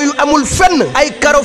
yooyu amul fenn ay carreau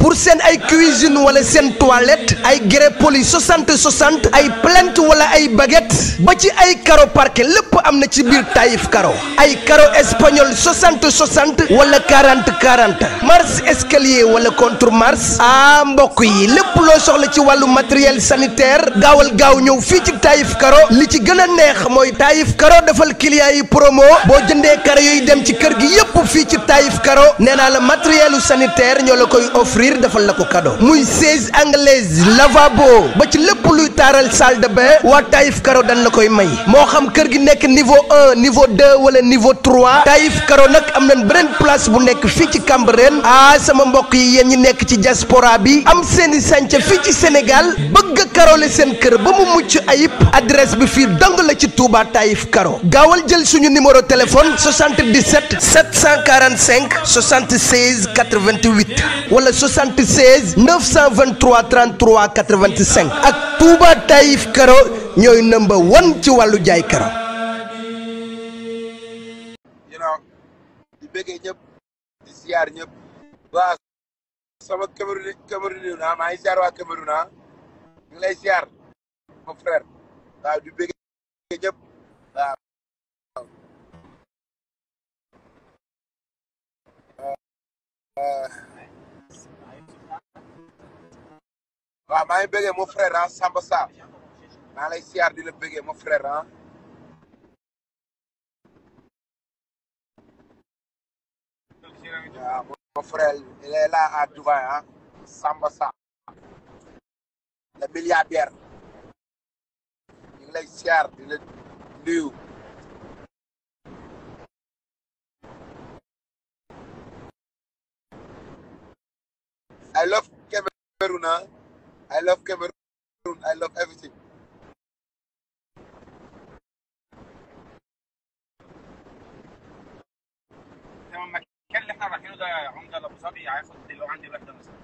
pour s'en ay cuisine wala sen toilette ay grepoli poli 60 60 ay plainte wala ay baguette ba ci ay carreau parquet lépp ci bir Taïf caro ay caro espagnol 60 60 wala 40 40 mars escalier wala contre mars a ah, mbok yi lepp lo soxla ci walu matériel sanitaire gawal gaw ñew fi ci Taïf Karo li ci gën a neex mooy Taïf Karo defal clients yi promo boo jëndee karo yooyu dem ci kër gi yépp fii ci Taïf Karo nee naa la matériel sanitaire ñoo la koy offrir defal la ko cadeau muy siège anglaise lavabo ba ci lépp luy taaral salle de bain waa Taïf Karo dañ la koy may moo xam kër gi nekk niveau un niveau deux wala niveau trois Taïf Karo nag am nañ beneen place bu nekk fii ci Cambérène ah sama mbokk yi yéen ñi nekk ci diaspora bi am seeni sànca fii ci Sénégal bëgg a seen kër ba mu yëpp bi fii dong la ci Touba Taïf Karo gaawal jël suñu numéro téléphone 77 745 76 88 wala 76 923 33 85 ak Touba Taïf Karo ñooy number one ci wàllu jaay karo. di sama Cameroun Cameroun naa maa ngi waa Cameroun naa ngi lay ziar waaw di bëggee ñëpp waaw. maa ngi bëggee ah, Samba Sarr maa lay siyaar di la bëggee mon frère ah. waaw mon frère il est là à Dubaï ah Samba Sarr le milliardaire. ngi lay siyaar di la nuyu I love Cameroon ah I love Cameroon I love everything تمام المكان اللي احنا رايحينه ده يا عمده الابو ظبي هياخد لو عندي وحده مثلا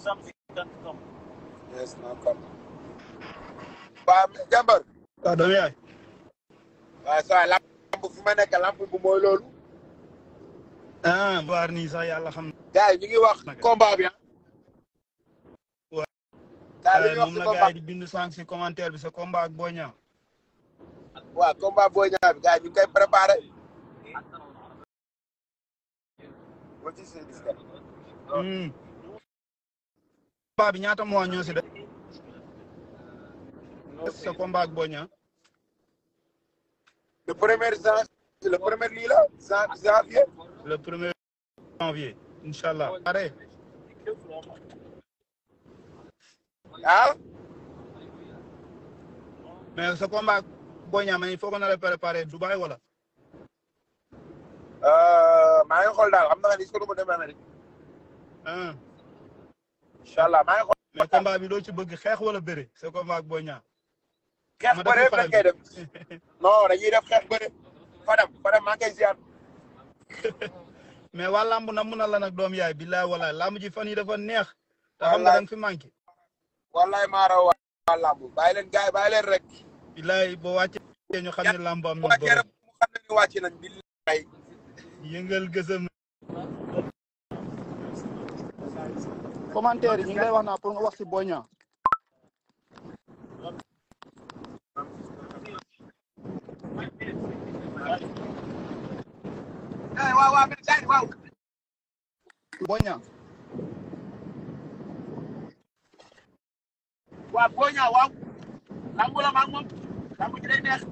something.com. Yes, no problem. akan jambar. Ka do yaay. Waaw sa lamp fu ma nekk lamp bu mooy loolu. Ah, baar nii sax yàlla xam. Gars yi ñu ngi wax combat bi di bind sànq si commentaire bi sa combat ak Boy Niang. Waaw combat Boy What is this? Hmm. combat bi ñaata mois ñoo si def combat ak Boy Niang le premier le premier lii la janvier le premier janvier inchallah allah pare ah mais sa combat ak mais il faut qu'on le prépare Dubaï wala euh ngi xool daal xam naa ni solo ma demee Amérique incha allah maa ngi xool. mais bi doo ci bëgg xeex wala bëre sa combat ak Boy Niang. xeex bëre dañ koy xeex bëre Fadam Fadam maa ngi koy ziar. mais waa làmb na mun nag doom yaay billaay walaay làmb ji fan yi neex. te xam nga fi manqué. wallaay maa waa làmb bàyyi rek. billaay boo wàccee ñu xam ne am na doole. bu wàccee gësëm. commentaire yi ñu ngi lay wax naa pour nga wax si Boy la maag ji day neex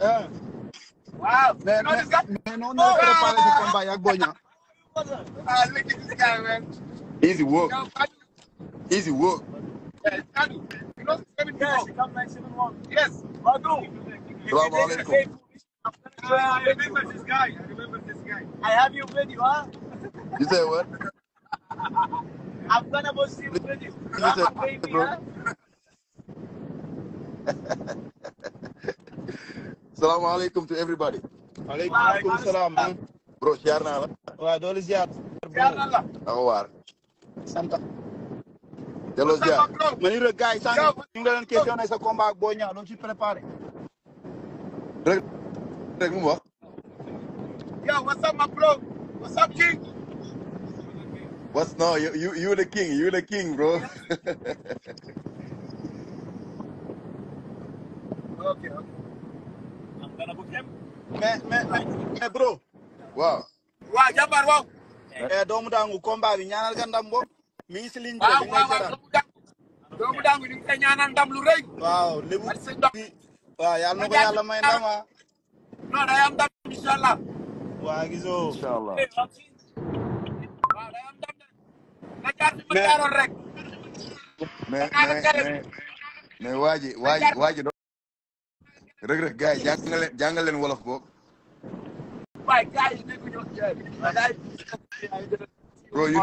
eh. waaw Easy work. Easy work. Yeah, Sadu. You know, seven yes. Yes. Salaam I remember this guy. I remember this guy. I have you with you, huh? You say what? I'm gonna go see you with you. You say, baby, huh? Salaam alaikum to everybody. Alaikum salam. Bro, ziar na Allah. Wa dole ziar. Ziar na Allah. Awaar. sant. delloo ziar ma ni rek gars yi sànq ñu ngi leen sa combat ak Boy Niang loo ci préparé. rek rek mu wax. yow what's up bro what's king. what's no you you you king you the king bro. ok ok. mais mais mais bro. waaw. waaw jàmbaar waaw. Eh, doomu daangu combat bi ñaanal gàndam boobu. mi ngi si waaw waaw waaw daangu ñu ngi koy ñaanal ndam lu rëy. waaw lébu bi waaw na ko yàlla may ndam ah. allah. waa gisoo. incha allah. waaw na jaar fi ma jaaroon waa ji waa ji waa ji doon. rëg rëg gars yi jàngal leen jàngal leen wolof boog. waay gars yi dégguñu wax jaay. bro you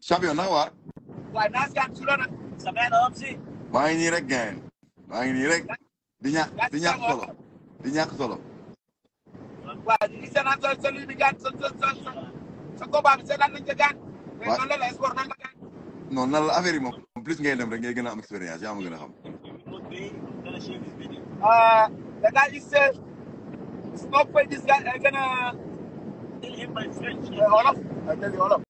champion nag waar. waaye naa si ànd si loolu nag. sama yenn si. maa rek gain. maa ngi di ñàkk di ñàkk solo di ñàkk solo. waaw ñu gën a am expérience yaa